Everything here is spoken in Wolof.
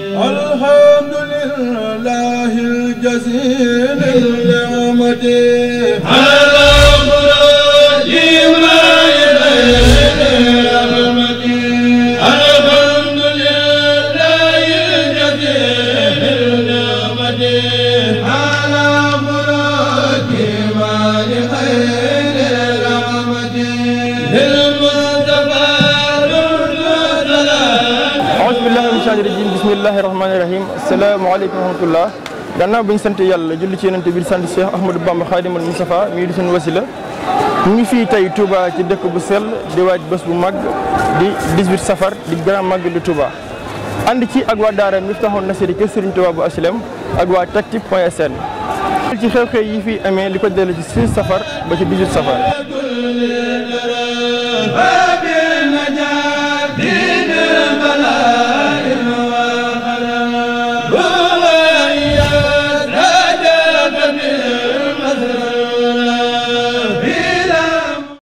الحمد لله الجزيل النعمة billahi min shaytaani rajim bismillahi rahmaani rahim asalaamaaleykum wa rahmatullah gannaaw bi ñu sant yàlla julli ci yonente bi sant Cheikh Ahmadou Bamba Xaadimal Mustafa mii di suñu wasila ñu ngi fii tey Touba ci dëkk bu sell di waaj bés bu mag di 18 safar di grand mag de Touba and ci ak waa daara Miftahoul Nasri kër Serigne Touba bu HLM ak waa Tactic point sn ci xew-xew yi fi amee li ko dellu ci 6 safar ba ci 18 safar